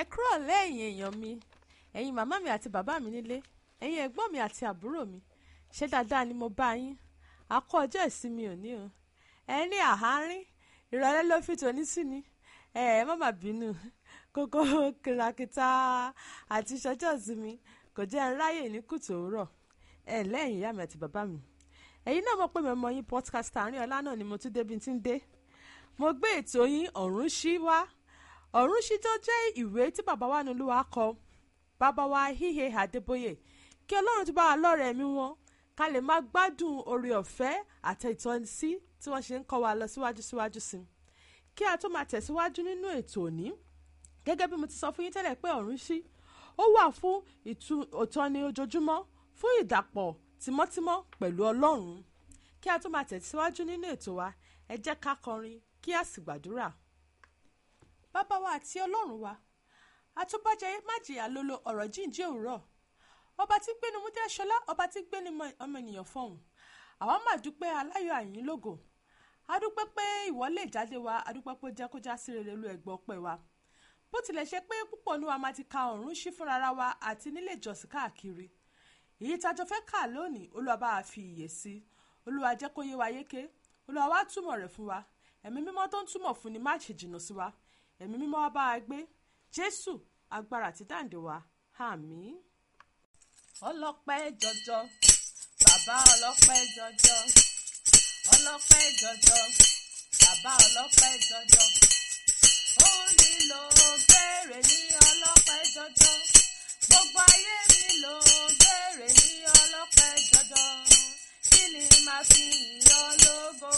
ẹ kúrò lẹ́yìn èèyàn mi ẹ̀yin màmá mi àti bàbá mi nílé ẹ̀yin ẹ̀gbọ́n mi àti àbúrò mi ṣé dáadáa ni mo bá yín a kú ọjọ́ ìsinmi òní o ẹ ní àhárín ìrọ̀lẹ́ ló fi tòní sí ni ẹ má má bínú kókó kìràkìtà àti ìṣọjọ́ ìsinmi kò jẹ́ ẹ ráyè ní kùtù òwúrọ̀ ẹ lẹ́yìn ìyá mi àti bàbá mi ẹ̀yin náà mọ̀ pé mẹ́mọ́ yín podcast Arinola náà ni mo tún débi tí ń dé mo gbé ètò yín ọ̀run ṣí wá ọ̀run ṣídán jẹ́ ìwé tí bàbá wa nílùú kọ bàbá wa híhe Adébóyè kí ọlọ́run tó bá wa lọ́rẹ̀ẹ́ mi wọn ká lè máa gbádùn oore ọ̀fẹ́ àti ìtọ́nisí tí wọ́n ṣe ń kọ́ wa lọ síwájú síwájú sí kí a tó máa tẹ̀síwájú nínú ètò òní gẹ́gẹ́ bí mo ti sọ fún yín tẹ́lẹ̀ pé ọ̀run ṣí ó wà fún ìtọ́ni ojoojúmọ́ fún ìdàpọ̀ tímọ́tímọ́ pẹ̀lú ọlọ́run kí a tó máa tẹ̀síwájú nínú ètò wa ẹ jẹ́ ká kọrin kí a sì gbàdúrà bàbá wa àti ọlọ́run wa àtúbọ̀jẹ májìyà lolo ọ̀rọ̀ jíǹde òwúrọ̀ ọba tí gbénu mú dẹ́ṣọlá ọba tí gbénu ọmọ ènìyàn fọ̀hún àwọn máa dúpẹ́ aláyọ̀ àyín lógo adúpẹ́ pé ìwọlé ìjáde wa adúpẹ́ pé ó sí rere lu ẹ̀gbọ́n ọpẹ́ wa bó tilẹ̀ ṣe pé púpọ̀ ní wa máa ti ka ọ̀run sí fúnra wa àti nílé ìjọsìn káàkiri èyí tájọ fẹ́ kà lónìí olúwa bá a fi ìyè sí olúwa jẹ́ yé wa yéké olúwa wá túmọ̀ rẹ̀ fún wa ẹ̀mí mímọ́ tó ń túmọ̀ fún ni má ṣe jìnnà sí wa ẹ̀mí mímọ́ wá bá a gbé jésù agbára àti dáǹdè wa àmín. ọlọ́pẹ́ jọjọ bàbá ọlọ́pẹ́ jọjọ ọlọ́pẹ́ jọjọ bàbá ọlọ́pẹ́ jọjọ ó nílò béèrè ní ọlọ́pẹ́ jọjọ gbogbo ayé nílò béèrè ní ọlọ́pẹ́ jọjọ kí ni màá fi yàn lógo.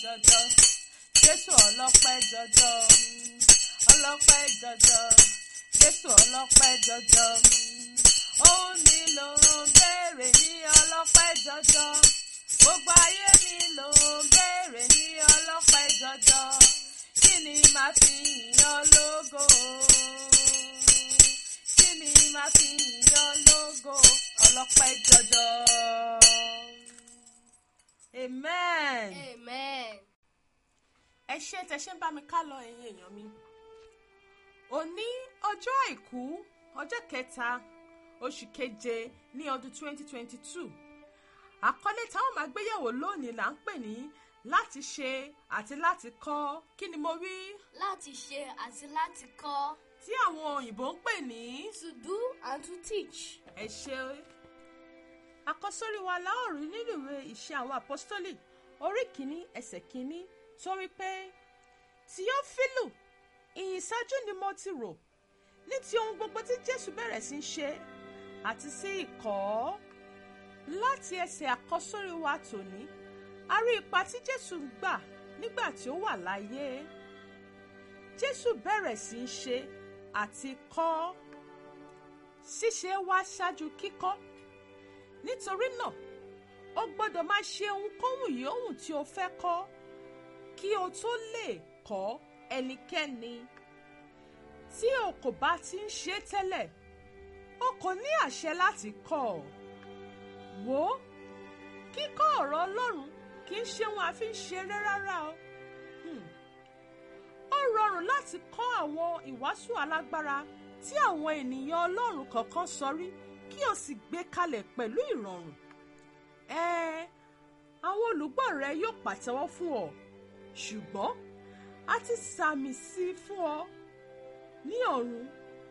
jọjọ jésù ọlọ́pẹ́ jọjọ ọlọ́pẹ́ jọjọ jésù ọlọ́pẹ́ jọjọ ohun mi ló ń béèrè ní ọlọ́pẹ́ jọjọ gbogbo ayé mi ló ń béèrè ní ọlọ́pẹ́ jọjọ kí ni màá fi yìn ọ́ lógo kí ni màá fi yìn lógo ọlọ́pẹ́ jọjọ amen. amen. ẹ ṣe tẹ ṣe ń bá mi ká lọ ẹ̀yin èèyàn mi. òní ọjọ́ àìkú ọjọ́ kẹta oṣù keje ní ọdún 2022 àkọlé táwọn máa gbéyẹ̀wò lónìí là ń pè ní láti ṣe àti láti kọ́ kí ni mo wí. láti ṣe àti láti kọ́. tí àwọn òyìnbó ń pè ní. to do and to teach. ẹ ṣe Àkọ́sórí wa la nínú ìwé ìṣe àwọn apọ́sítọ́lì orí kìíní ẹsẹ̀ kìíní tó wí pé Tíófílù ìyìnsájú ni mo ti rò ní ti ohun gbogbo tí Jésù bẹ̀rẹ̀ sí í ṣe àti sí ikọ̀ ọ́ láti ẹsẹ̀ àkọ́sórí wa tòní a rí ipa tí Jésù gbà nígbà tí ó wà láyé Jésù bẹ̀rẹ̀ sí í ṣe àti kọ́ ṣíṣe wá ṣáájú kíkọ́ nítorí náà o gbọ́dọ̀ máa ṣe ohunkóhun yòówù tí o fẹ́ kọ́ kí o tó lè kọ́ ẹnikẹ́ni tí o kò bá ti ń ṣe tẹ́lẹ̀ o kò ní àṣẹ láti kọ́ ọ wò kíkọ́ ọ̀rọ̀ Ọlọ́run kì í ṣe wọn àfi ń ṣeré rárá o hmm. ó rọrùn láti kọ́ àwọn ìwàásù alágbára tí àwọn ènìyàn Ọlọ́run kọ̀ọ̀kan sọ rí kí o sì gbé kalẹ̀ pẹ̀lú ìrọ̀rùn ẹ àwọn olùgbọ́ rẹ yóò pàtẹ́wọ́ fún ọ ṣùgbọ́n a ti sàmì sí fún ọ ní ọ̀run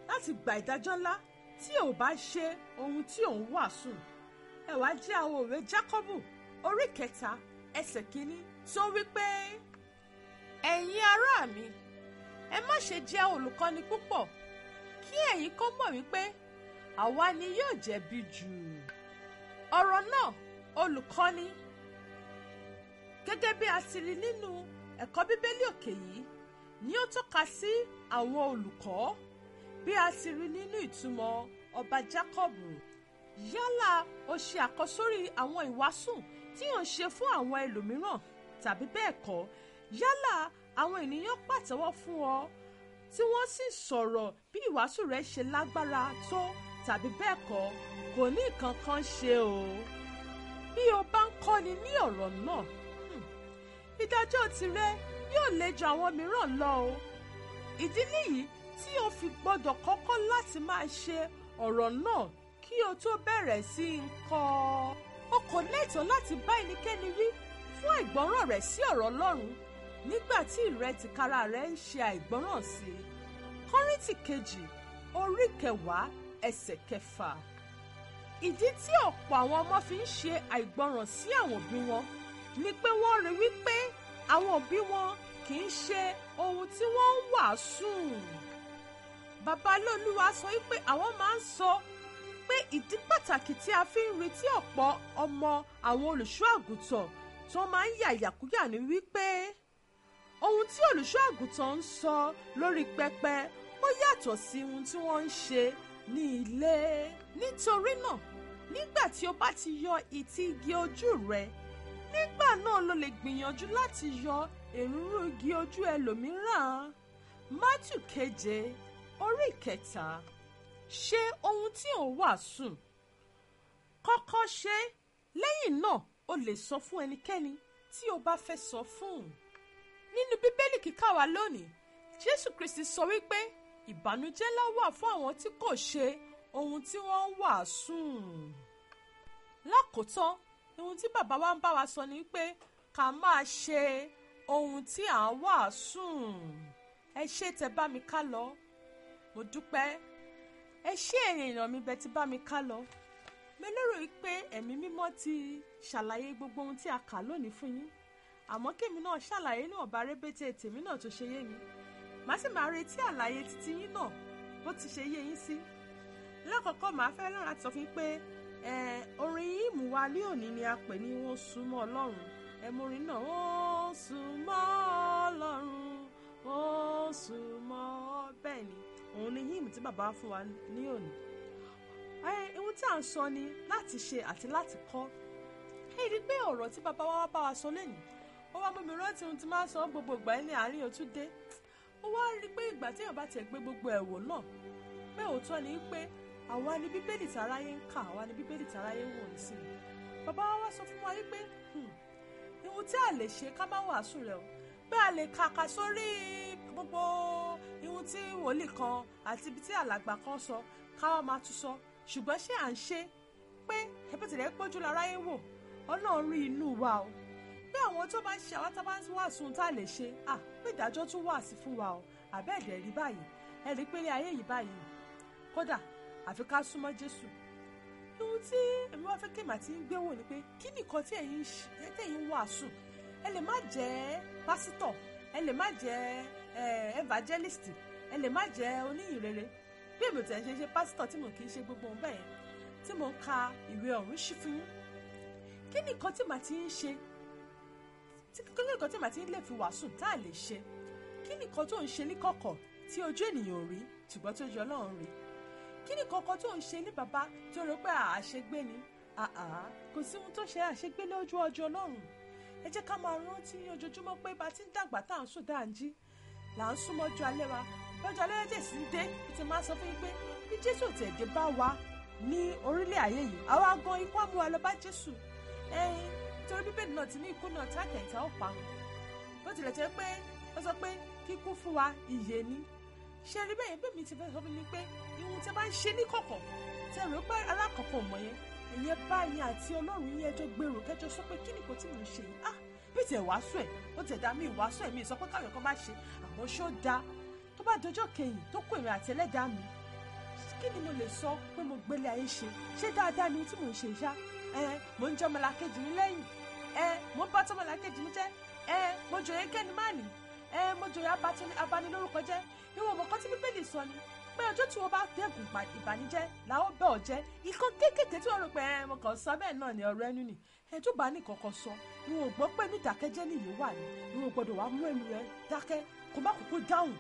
láti gba ìdájọ́ ńlá tí ò bá ṣe ohun tí ò ń wàásù ẹ wá jẹ́ àwọn òwe Jákọ́bù orí kẹta ẹsẹ̀ kínní tó wí pé ẹ̀yin ará mi ẹ má ṣe jẹ́ olùkọ́ni púpọ̀ kí ẹ̀yin kó mọ̀ wípé àwa ni yóò jẹ̀bi jù ọ̀rọ̀ náà olùkọ́ni gẹ́gẹ́ bí a ti rí nínú ẹ̀kọ́ bíbélì òkè yìí ni ó tọ́ka sí àwọn olùkọ́ bí a ti rí nínú ìtumọ̀ ọba Jákọ́bù yálà o ṣe àkọsórí àwọn ìwàásù tí ò ń ṣe fún àwọn ẹlòmíràn tàbí bẹ́ẹ̀ kọ́ yálà àwọn ènìyàn pàtẹ́wọ́ fún ọ tí wọ́n sì sọ̀rọ̀ bí ìwàásù rẹ ṣe lágbára tó tàbí bẹ́ẹ̀ kọ́ kò ní nǹkan kan ṣe o bí o bá ń kọ́ni ní ọ̀rọ̀ náà hmm, ìdájọ́ tìrẹ yóò le ju àwọn mìíràn lọ o ìdí nìyí tí o fi gbọ́dọ̀ kọ́kọ́ láti máa ṣe ọ̀rọ̀ náà kí o tó bẹ̀rẹ̀ sí í kọ́ o kò lẹ́tọ̀ọ́ láti bá ẹnikẹ́ni wí fún àìgbọ́ràn rẹ̀ sí ọ̀rọ̀ Ọlọ́run nígbà tí ìrẹ tìkára rẹ̀ ń ṣe àìgbọ́ràn sí i Kọ́ríńtì kejì orí kẹwàá ẹsẹ̀ kẹfà ìdí tí ọ̀pọ̀ àwọn ọmọ fi ń ṣe àìgbọràn sí àwọn òbí wọn ni pé wọ́n rí wípé àwọn òbí wọn kì í ṣe ohun tí wọ́n ń wàásù babalóluwa sọ wípé àwọn máa ń sọ pé ìdí pàtàkì tí a fi ń retí ọ̀pọ̀ ọmọ àwọn olùṣọ́ àgùntàn tó máa ń yàyàkúyà ni wípé ohun tí olùṣọ́ àgùntàn ń sọ lórí pẹpẹ ó yàtọ̀ sí ohun tí wọ́n ń ṣe ní ilé. nítorí náà nígbà tí o bá ti yọ ìtì igi ojú rẹ nígbà náà lo lè gbìyànjú láti yọ èrúrú igi ojú ẹlòmíràn mátù keje orí kẹta ṣe ohun tí ò ń wàásù kọ́kọ́ ṣe lẹ́yìn náà o lè sọ fún ẹnikẹ́ni tí o bá fẹ́ sọ fún nínú bíbélì kíkà wa lónìí jésù kristi sọ wípé ìbànújẹ́ ńlá wà fún àwọn tí kò ṣe ohun tí wọ́n ń wàásù. lákòótán ohun tí bàbá wa ń bá wa sọ ni pé ká máa ṣe ohun tí à ń wàásù. ẹ ṣé tẹ bá mi ká lọ mo dúpẹ́ ẹ ṣé ẹ̀yin èèyàn mi bẹ ti bá mi ká lọ mo lérò pé ẹ̀mí mímọ́ ti ṣàlàyé gbogbo ohun tí a kà lónìí fún yín àmọ́ kèmi náà ṣàlàyé ní ọ̀bá rẹ́bẹ̀tì ètèmí náà tó ṣe yé mi màá sì máa retí àlàyé títí yín náà bó ti ṣe yé yín sí. lákọ̀ọ́kọ́ màá fẹ́ rán àti sọ fún yín pé orin ìmú wa lé òní ni a pè ní wọ́n súnmọ́ ọlọ́run ẹ mú orin náà wọ́n súnmọ́ ọlọ́run wọ́n súnmọ́ bẹ́ẹ̀ ni òun ni yíìmù tí bàbá fún wa ní òní. ohun tí à ń sọ ni láti ṣe àti láti kọ́ ẹ rí pé ọ̀rọ̀ tí bàbá wa bá wa sọ lẹ́yìn ó wá mú mi rántí ohun tí máa sọ gbogbo ìgbà ní àárín òtún dé ó wá rí i pé ìgbà téèyàn bá tiẹ̀ gbé gbogbo ẹ̀ wò náà pé òótọ́ ni pé àwa ni bíbélì táráyé ń kà àwa ni bíbélì táráyé ń wò sí i bàbá wa sọ fún wa wípé hmm, ihun tí a lè ṣe ká má wàásù rẹ o pé a lè kàkà sórí gbogbo ihun tí wòlíì kan àti ibi tí alàgbà kan sọ ká wá máa tún sọ ṣùgbọ́n ṣé à ń ṣe pé ẹ̀pẹ̀tẹ̀rẹ̀ pójú láráyé wò ọlọ́run rí inú wa o pé àwọn tó bá ń ṣe àwọn tá a bá ń wàásù tá a lè ṣe à pé ìdájọ́ tún wà sí fún wa o àbẹ́ ẹ̀dẹ̀ rí báyìí ẹ rí pélé ayé yìí báyìí kódà àfi ká súnmọ́ Jésù ohun tí èmi wá fẹ́ kéèmà tí ń gbé wò ni pé kí nìkan tí ẹ̀yin ń wàásù ẹ lè má jẹ́ pásítọ̀ ẹ lè má jẹ́ evangelist ẹ lè má jẹ́ oníyìnrere bí èmi ò tẹ̀ ṣe ṣe pásítọ̀ tí mò kì í ṣe gbogbo ohun bẹ́ẹ̀ tí mò ń ka ìwé ọ̀run ṣí fún yín kí nìkan tí màá ti ń ṣe tí kí nìkan tí màá ti ń lè fi wàásù tá a lè ṣe kí nìkan tó ń ṣe ní kọ̀kọ̀ tí ojú ènìyàn ò rí ṣùgbọ́n tó yọ Ọlọ́run rí kí nìkan kan tó ń ṣe ní bàbá tó rò pé àṣegbé ni àá kò sí ohun tó ṣe àṣegbé lójú ọjọ́ Ọlọ́run ẹ jẹ́ ká máa rántí ojoojúmọ́ pé bá ti ń dàgbà tá à ń sùn dáa ń jí là ń súnmọ́ ju alẹ́ wa lọ́jọ́ alẹ́ ẹ̀jẹ̀ sì ń dé ó ti máa sọ fún yín pé bí Jésù ò tẹ̀dé bá wa ní orílẹ̀ ayé yìí àwa gan ikú àmúwa lọ bá Jésù ẹ̀yin nítorí bíbélì náà ti ní ikú náà tí àkẹ̀yìntà ó pa bó tilẹ̀ jẹ́ pé ó sọ pé kíkú fún wa ìyè ni ṣe rí bẹ́ẹ̀ bẹ́ẹ̀ mi ti fẹ́ sọ fún mi pé ihun tí a bá ń ṣe ní kọ̀kọ̀ tí ẹ̀rọ bá alákọ̀ọ́kọ̀ mọ̀ yẹn ìyẹn bá yẹn àti ọlọ́run yẹn ẹjọ́ gbèrò kẹjọ sọ pé kí ni kò tí mò ń ṣe yìí ah bí tiẹ̀ wàásù ẹ̀ ó tiẹ̀ dá mi ìwàásù ẹ̀ mi sọ pé káyọ̀ kan bá ṣe àmọ́ ṣó da tó bá dọjọ́ kẹyìn tó kó èrè àti ẹlẹ́dàá mi kí ni mo lè sọ pé mo gbélé ayé ṣe ṣé dáadáa ni ohun tí mò ń ṣe ṣá ẹ mò ń jọmọlá kejì mi lẹ́yìn ẹ eh, mo bá tọmọ làkejì mi jẹ ẹ eh, mo jòyè kẹ́ni máà nì ẹ eh, mo jòyè abanilórúkọ jẹ ìwọ̀n mọ̀kọ́ tí bíbélì sọ ni pé ọjọ́ tí wọ́n bá dẹ́kun ìbànújẹ́ làwọn bẹ́ ọ jẹ́ nǹkan kéékèèké tí wọ́n rò pé ẹ̀ẹ́n kàn sọ bẹ́ẹ̀ náà ni ọ̀rọ̀ ẹnu nì ẹjọ́ bá ní kankan sọ ìwọ̀n gbọ́ pé ní ìdákẹ́jẹ́ ni ìyẹn wà ní ìwọ̀n gbọ́dọ̀ wá mú ẹnu rẹ dákẹ́ kó má kókó dáhùn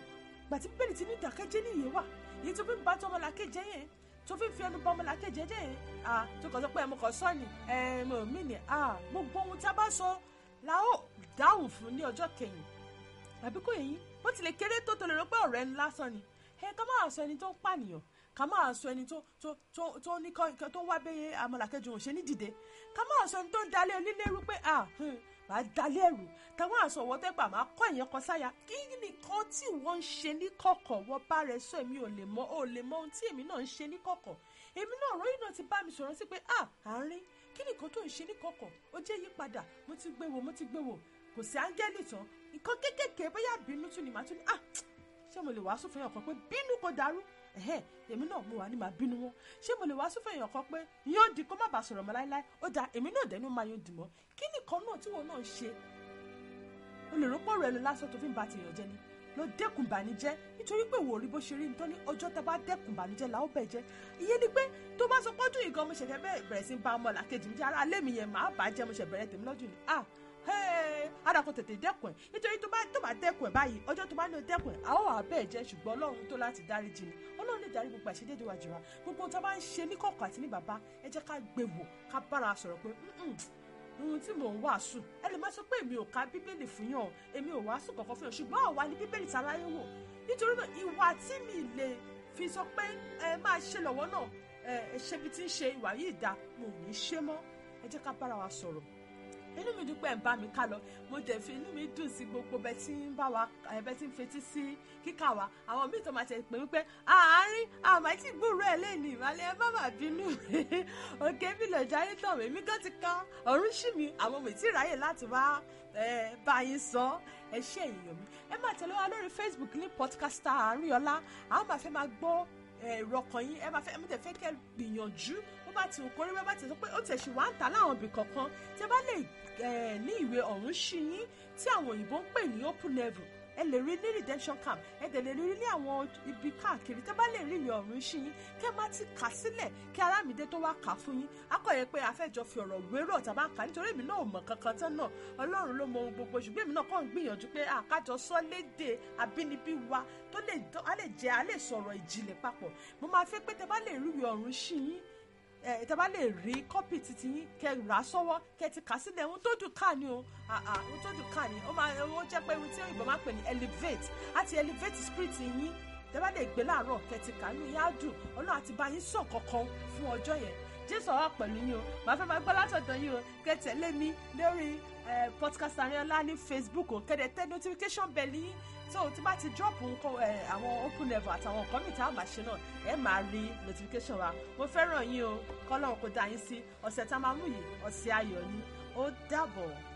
gbàtí bíbélì ti ní ìdákẹ́jẹ́ ni ìyẹn wà èyí tó fi ń bá tọmọlàkejì yẹn tó fi ń fi ẹnu bọ́ ọmọ làkejì ẹ̀jẹ̀ yìí ah tó kàn sọ pé mo kàn sọ ni ẹ̀ mo ni ah gbogbo ohun tá a bá sọ la ó dáhùn fún ní ọjọ́ kẹyìn àbí kò yẹyìn bó tilẹ̀ kéré tó tó lè pé ọ̀rẹ́ ńlá sọ ni ẹ ká máa sọ ẹni tó ń pànìyàn ká máa sọ ẹni tó tó tó tó ní kọ́ tó ń wá bẹ́yẹ amọ̀làkejì òun ṣe ní dìde ká máa sọ ẹni tó ń dalẹ̀ onílé rú pé ah máa dalẹ̀ ẹ̀rù táwọn àsọ̀wọ́ tẹ́pà máa kọ́ ìyẹn kan sáyà kí nìkan tí wọ́n ń ṣe ní kọ̀kọ̀ wọ́n bá rẹ sọ èmi ò lè mọ ò lè mọ ohun tí èmi náà ń ṣe ní kọ̀kọ̀ èmi náà ròyìn náà ti bá mi sọ̀rọ̀ sí pé à àárín kí nìkan tó ń ṣe ní kọ̀kọ̀ ó jẹ́ yípadà mo ti gbé wò mo ti gbé wò kò sí áńgẹ́lì tán nǹkan kéékèèké bóyá bínú tún ni màá tún ní à ṣé mo lè wàásù fún yàn kan pé bínú kò dàrú ẹ̀hẹ́ èmi náà mo wà ní màá bínú wọn ṣé mo lè wá sófin èèyàn kan pé yóò di kó má bàa sọ̀rọ̀ mọ́ láéláé ó dáa èmi náà dẹ́nu máa yóò dì mọ́ kí nìkan náà tí wọn náà ń ṣe olùrọ́pọ̀ rẹ̀ ló lásán tó fi ń ba tèèyàn jẹ́ ni lọ dẹ́kun bànújẹ́ nítorí pé wò bó ṣe rí nítorí ní ọjọ́ tá a bá dẹ́kun bànújẹ́ la bẹ̀ jẹ́ ìyẹn ni pé tó bá sọ pọ́dún ìgan mo ṣẹ̀fẹ̀ bẹ́ẹ̀ bẹ̀rẹ̀ sí bá ọmọ làkejì mi jẹ́ ara alẹ́ mi yẹn màá bàá jẹ́ mo ṣẹ̀ bẹ̀rẹ̀ tèmi lọ́dún ni ah hey ara kò tètè dẹ́kun ẹ̀ nítorí tó bá dẹ́kun ẹ̀ báyìí ọjọ́ tó bá ní o dẹ́kun a àwọn àbẹ́ ẹ̀ jẹ́ ṣùgbọ́n ọlọ́run tó láti dáríjì ni ọlọ́run lè darí gbogbo àṣedéédé wa gbogbo tá a bá ń ṣe ní kọ̀kọ̀ àti ní bàbá ẹ jẹ́ ká gbé wò ká bára sọ̀rọ̀ pé ohun tí mò ń wàásù ẹ lè má sọ pé èmi ò ka bíbélì fún yàn èmi ò wàásù kankan fún yàn ṣùgbọ́n àwa ni bíbélì ta láyé wò nítorí náà ìwà tí mi lè fi sọ pé ẹ máa ṣe lọ́wọ́ náà ẹ ṣe bí ti ń ṣe ìwà yìí dá mo ò ní ṣe mọ́ ẹ jẹ́ ká bára wa sọ̀rọ̀ inú mi dúpẹ́ ń bá mi ká lọ mo dẹ̀ fi inú mi dùn sí gbogbo bẹ́ẹ̀ tí ń bá wa bẹ́ẹ̀ tí ń fetí sí kíkà wa àwọn míì tó máa ṣe pé wípé àárín àmọ́ tí gbúrò ẹ̀ lẹ́nu ìmàlẹ́ ẹ má má bínú òkè mi lọ jáde tán èmi gan ti kan ọ̀run sí mi àwọn ọmọ ìtì ráyè láti wá bá yín sọ ẹ ṣé èèyàn mi ẹ máa tẹ̀lé wa lórí Facebook ní podcaster Arinola àwọn máa fẹ́ máa gbọ́ ẹ̀rọ kan yín ẹ máa fẹ́ ẹ tẹ̀ fẹ́ kẹ́ gbìyànjú bó bá ti wù kórí bá bá ti sọ pé ó tẹ̀sí wá ń tà láwọn ibì kọ̀ọ̀kan tẹ bá lè eh, ní ìwé ọ̀hún sí yín tí àwọn òyìnbó ń pè ní open level ẹ lè rí ní redemption camp ẹ dẹ̀ lè rí ní àwọn ibi káàkiri tẹ́ bá lè rí ìyẹn ọ̀run sí yín kẹ́ má ti kà sílẹ̀ kí Arámidé tó wá kà fún yín akọ̀yẹ pé afẹ́jọ́ fi ọ̀rọ̀ wérò tàbá kà nítorí èmi náà ò mọ̀ kankan tán náà Ọlọ́run ló mọ ohun gbogbo ṣùgbọ́n èmi náà kàn ń gbìyànjú pé àkájọ sọ léde abínibí wa tó lè jẹ́ a lè sọ̀rọ̀ ìjìnlẹ̀ papọ̀ mo máa fẹ́ pé tẹ́ bá lè rí ìyẹn ọ̀run sí yín ẹ eh, tẹ bá lè rí kọ́pì titi yín kẹ rà á sọ́wọ́ kẹ ti kà sílẹ̀ ohun tó dùn ká ni o ah, ah, ohun tó dùn ká ni ó máa ó jẹ́ pé ohun tí òyìnbó máa ń pè ní elevate àti elevate spirit yín tẹ bá lè gbé láàárọ̀ kẹ ti kà ní ìyá dùn ọlọ́run àti bá yín sọ̀ kankan fún ọjọ́ yẹn jésù ọ̀wá pẹ̀lú yín o màá fẹ́ máa gbọ́ látọ̀dọ̀ yín o kẹ tẹ̀lé mi lórí eh, podcast Arinola ní Facebook o kẹ dẹ̀ notification bell so tí bá ti drop nǹkan eh, àwọn open level àtàwọn nǹkan mìíràn tá a bá ṣe náà ẹ máa rí notification wa mo fẹ́ràn yín o kọ́lọ́run kó dá yín sí ọ̀sẹ̀ tá a máa mú yìí ọ̀sẹ̀ ayọ̀ ni ó dàbọ̀.